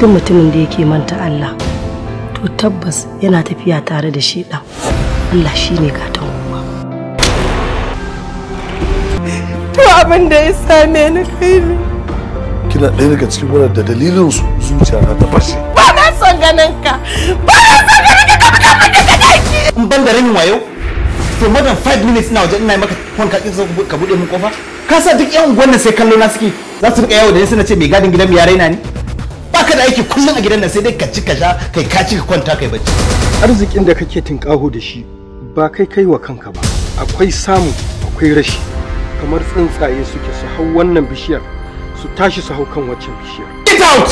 duk mutumin da yake manta Allah to tabbas yana tafiya tare da shi ɗan Allah shi ne gatan kowa. To abin da ya same ni kai ne. Kina ɗaya daga cikin wani da dalilin su zuciya na ta fashe. Ba na son ganin ka! Ba na son ganin ka kafin kafin ka ka daki! In ban da ranin wayo? to more than five minutes na wajen ina maka kwan ka ƙin ka buɗe min kofa? Ka sa duk 'yan gwanna sai kallo na suke za su riƙa yawo da ni suna ce mai gadin gidan mu ya raina ni? baka da aiki kullum a gidan nan sai dai ka ci ka sha kai ka ci ka kwanta kai bacci arzikin da kake tinkaho da shi ba kai kai wa kanka ba akwai samu akwai rashi kamar tsuntsaye suke su hau wannan bishiyar su tashi su hau kan waccan bishiyar get out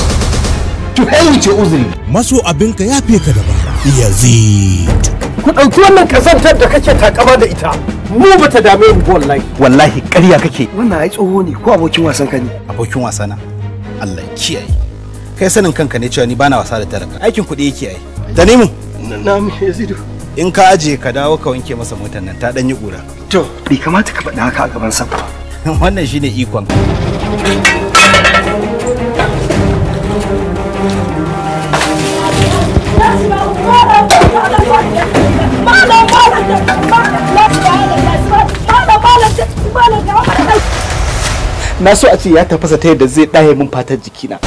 to hell with your uzuri maso abinka ya fi ka da dabara yazid ku ɗauki wannan kasantar da kake takama da ita mu ba ta dame mu wallahi wallahi ƙarya kake wannan ai tsoho ne ko abokin wasan ka ne abokin wasana Allah kiyaye kai sanin kanka ne cewa ni bana wasa da talaka aikin kuɗi yake ai tanimu na'am yazidu in ka aje ka dawo ka wanke masa motar nan ta dan yi ƙura to bai kamata ka faɗa haka a gaban sa ba wannan shine ikon na so a ce ya tafasa ta yadda zai ɗaya mun fatar jikina